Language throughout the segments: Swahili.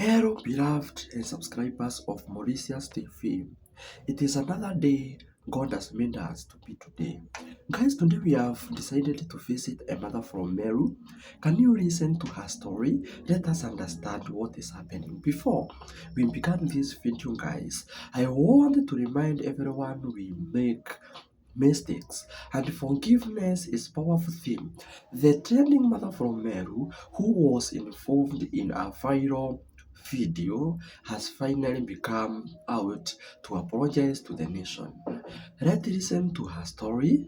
Hello, beloved and subscribers of Mauritius TV. It is another day God has made us to be today. Guys, today we have decided to visit a mother from Meru. Can you listen to her story? Let us understand what is happening. Before we began this video, guys, I want to remind everyone we make mistakes and forgiveness is powerful theme the trending mother from meru who was involved in a viral video has finally become out to apologize to the nation. let listen to her story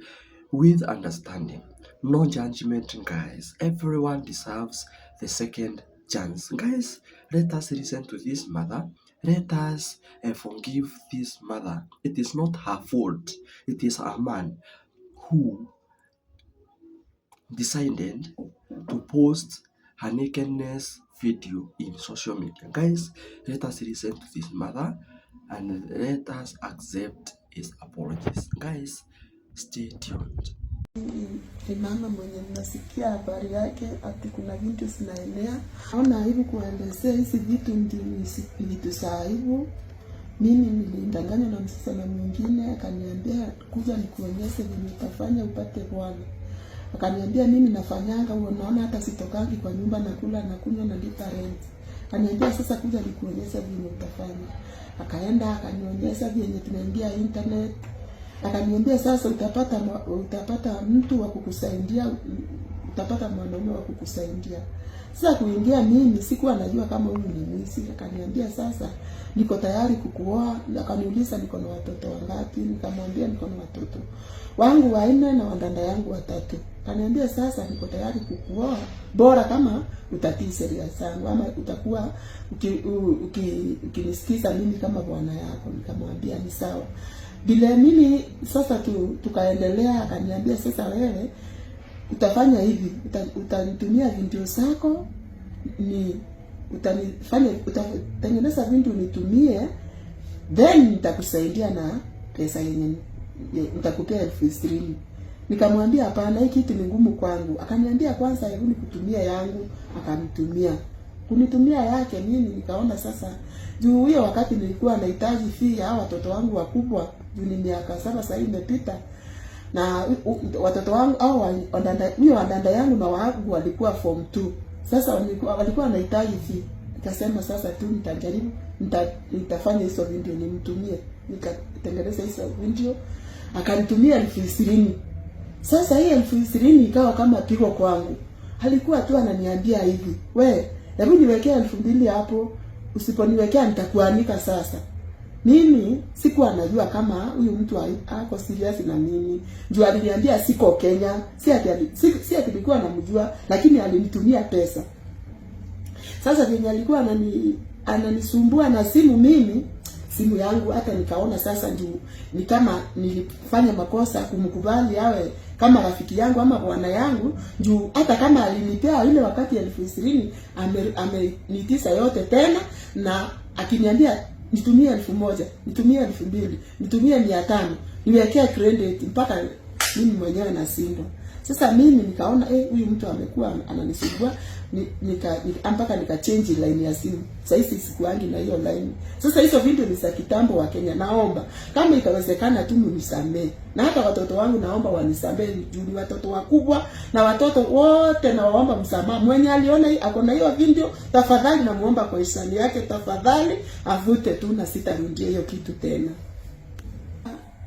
with understanding. No judgment, guys. Everyone deserves the second chance. Guys, let us listen to this mother. Let us uh, forgive this mother. It is not her fault. It is a man who decided to post her nakedness video in social media. Guys, let us listen to this mother and let us accept his apologies. Guys, stay tuned. Ni mama mwenye nasikia habari yake ati kuna vitu zinaenea. Naona hivi kuelezea hizi vitu ndio vitu za aibu. Mimi nilidanganywa na msichana mwingine akaniambia kuja nikuonyeshe vile utafanya upate bwana. Akaniambia mimi nafanyanga huo, naona hata sitokangi kwa nyumba, nakula na kunywa na lipa rent. Akaniambia sasa, kuja nikuonyesha vile utafanya. Akaenda akanionyesha vyenye tunaingia internet. Akaniambia sasa, utapata utapata mtu wa kukusaidia, utapata mwanaume wa kukusaidia. Sasa kuingia mimi sikuwa najua kama huyu ni mwizi. Akaniambia sasa, niko tayari kukuoa. Akaniuliza niko na watoto wangapi, nikamwambia niko na watoto wangu wanne na wadada yangu watatu. Kaniambia sasa, niko tayari kukuoa bora kama utatii sheria zangu, ama utakuwa ukinisikiza uki, uki mimi kama bwana yako. Nikamwambia ni sawa. Bila mimi sasa tu, tukaendelea. Akaniambia sasa, wewe utafanya hivi, utanitumia uta vindio zako ni utanifanya utatengeneza vindu nitumie, then nitakusaidia na pesa yenye nitakupea elfu ishirini. Nikamwambia hapana, hii kitu ni ngumu kwangu. Akaniambia kwanza, hebu nikutumia yangu, akanitumia kunitumia yake nini. Nikaona sasa, juu hiyo wakati nilikuwa nahitaji fee ya watoto wangu wakubwa, juu ni miaka saba sasa imepita, na watoto wangu au huyo wadada yangu na wangu walikuwa form 2 sasa, walikuwa wanahitaji fee. Nikasema sasa tu nitajaribu, nita, nitafanya hizo video nimtumie. Nikatengeneza hizo video, akanitumia elfu ishirini. Sasa hii elfu ishirini ikawa kama pigo kwangu. Alikuwa tu ananiambia hivi, we hebu niwekea elfu mbili hapo, usiponiwekea nitakuanika. Sasa mimi sikuwa najua kama huyu mtu ako serious na mimi, juu aliniambia siko Kenya, si ati si ati namjua, lakini alinitumia pesa. Sasa venye alikuwa anani ananisumbua na simu mimi simu yangu, hata nikaona sasa juu ni kama nilifanya makosa kumkubali awe kama rafiki yangu ama bwana yangu, juu hata kama alinipea ile wakati elfu ishirini amenitisa ame yote tena, na akiniambia nitumie elfu moja nitumie elfu mbili nitumie mia tano niwekea credit mpaka mimi mwenyewe nashindwa. Sasa mimi nikaona eh, huyu mtu amekuwa ananisumbua nika, nika mpaka nika change line ya simu. Sasa hizi sikuangi na hiyo line. Sasa hizo vitu ni za kitambo wa Kenya. Naomba kama ikawezekana tu mnisamee. Na hata watoto wangu naomba wanisamee juu watoto wakubwa na watoto wote nawaomba msamaha. Mwenye aliona hii ako na hiyo video tafadhali namuomba kwa hisani yake tafadhali avute tu na sitarudia hiyo kitu tena.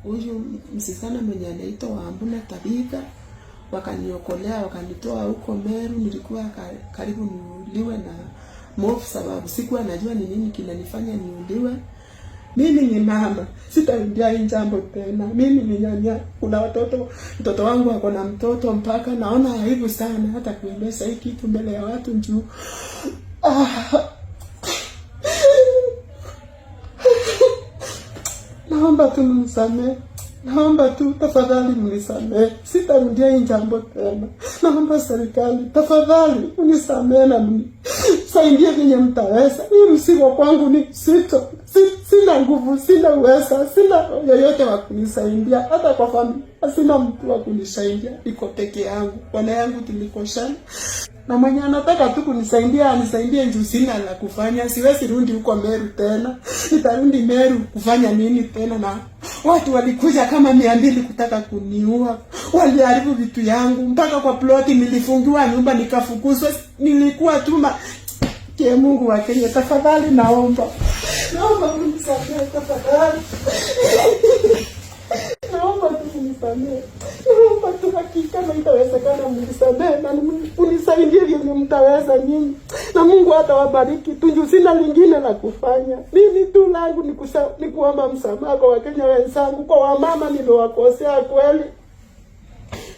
Huyu msichana mwenye anaitwa Wambuna Tabika wakaniokolea, wakanitoa huko Meru. Nilikuwa karibu niuliwe na mofu, sababu sikuwa najua ni nini kinanifanya niuliwe. Mimi ni mama, sitaingia hii jambo tena. Mimi ni nyanya, kuna watoto, mtoto wangu ako na mtoto, mpaka naona aibu sana hata kuendesha hii kitu mbele ya watu njuu ah. Naomba tu mnisamehe. Naomba tu tafadhali mnisamehe, sitarudia hii jambo tena. Naomba serikali tafadhali unisamehe na mnisaidie vyenye mtaweza. Hii msiba kwangu ni mzito, sina nguvu, sina uweza, sina yoyote wa kunisaidia, hata kwa familia sina mtu wa kunisaidia, iko peke yangu. Bwana yangu tulikoshana na mwenye anataka tu kunisaidia anisaidie, juu sina la kufanya. Siwezi rudi huko Meru tena, nitarudi Meru kufanya nini tena na Watu walikuja kama mia mbili kutaka kuniua, waliharibu vitu yangu mpaka kwa ploti. Nilifungiwa nyumba nikafukuzwa, nilikuwa tuma ke. Mungu wa Kenya, tafadhali naomba, naomba unisamehe tafadhali, naomba tu naomba tu hakika, kama itawezekana mnisamehe na mnisaidie vyenye mtaweza nyinyi na Mungu atawabariki tunju, sina lingine la kufanya. Mimi tu langu ni, ni kuomba msamaha kwa Wakenya wenzangu, kwa wamama nimewakosea kweli,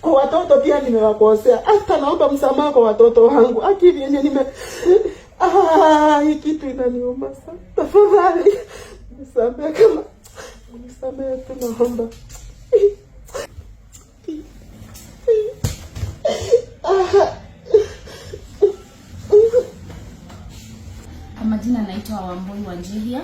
kwa watoto pia nimewakosea. Hata naomba msamaha kwa watoto wangu, akili yenye nime ah, hii kitu inaniuma sana. Tafadhali nisamehe, kama nisamehe tu, naomba naitwa Wamboi Wanjiria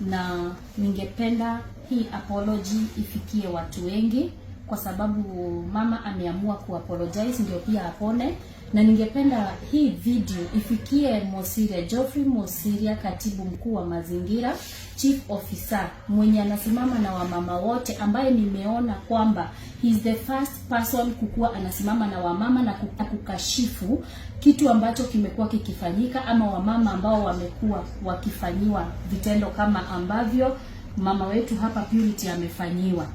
na ningependa hii apology ifikie watu wengi, kwa sababu mama ameamua kuapologize ndio pia apone, na ningependa hii video ifikie Mosiria Geoffrey Mosiria, katibu mkuu wa mazingira, chief officer mwenye anasimama na wamama wote, ambaye nimeona kwamba he is the first person kukuwa anasimama na wamama na kukashifu kitu ambacho kimekuwa kikifanyika ama wamama ambao wamekuwa wakifanyiwa vitendo kama ambavyo mama wetu hapa Purity amefanyiwa.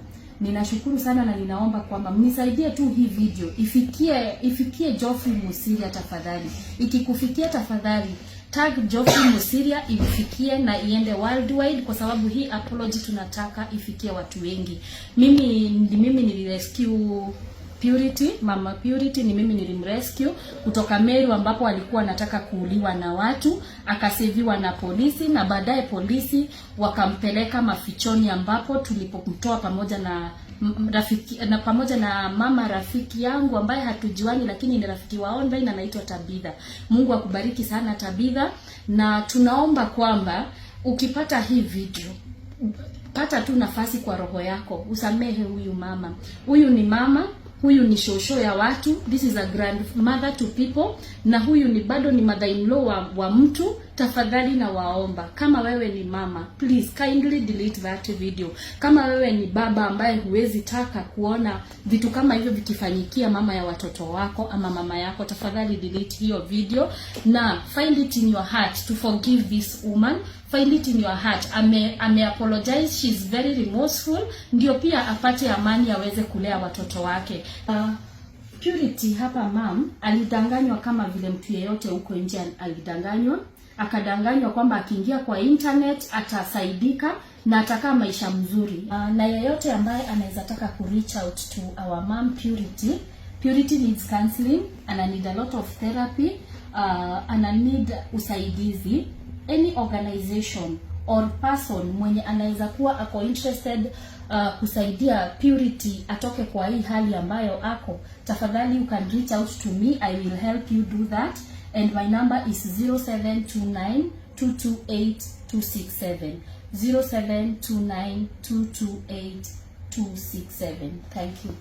Ninashukuru sana na ninaomba kwamba mnisaidie tu hii video ifikie ifikie Geoffrey Musalia tafadhali. Ikikufikia tafadhali tag Geoffrey Musiria ifikie na iende worldwide, kwa sababu hii apology tunataka ifikie watu wengi. Mimi mimi nilirescue Purity, mama Purity ni mimi nilimrescue kutoka Meru ambapo alikuwa anataka kuuliwa na watu, akaseviwa na polisi na baadaye polisi wakampeleka mafichoni ambapo tulipomtoa pamoja na rafiki na pamoja na mama rafiki yangu ambaye hatujuani, lakini ni rafiki wa online anaitwa Tabitha. Mungu akubariki sana Tabitha, na tunaomba kwamba ukipata hii video pata tu nafasi kwa roho yako, usamehe huyu mama. Huyu ni mama, huyu ni shosho ya watu, this is a grandmother to people, na huyu ni bado ni mother in law wa, wa mtu tafadhali nawaomba, kama wewe ni mama, please kindly delete that video. Kama wewe ni baba ambaye huwezi taka kuona vitu kama hivyo vikifanyikia mama ya watoto wako ama mama yako, tafadhali delete hiyo video na find it in your heart to forgive this woman. Find it in your heart. Ame, ame apologize, she is very remorseful, ndio pia apate amani aweze kulea watoto wake. Uh, Purity hapa mam alidanganywa kama vile mtu yeyote huko nje alidanganywa akadanganywa kwamba akiingia kwa internet atasaidika na atakaa maisha mzuri. Uh, na yeyote ambaye anaweza taka ku reach out to our mom Purity. Purity needs counseling, ana need a lot of therapy, uh, ah, ana need usaidizi any organization or person mwenye anaweza kuwa ako interested uh, kusaidia Purity atoke kwa hii hali ambayo ako, tafadhali you can reach out to me, I will help you do that and my number is 0729228267 0729228267 thank you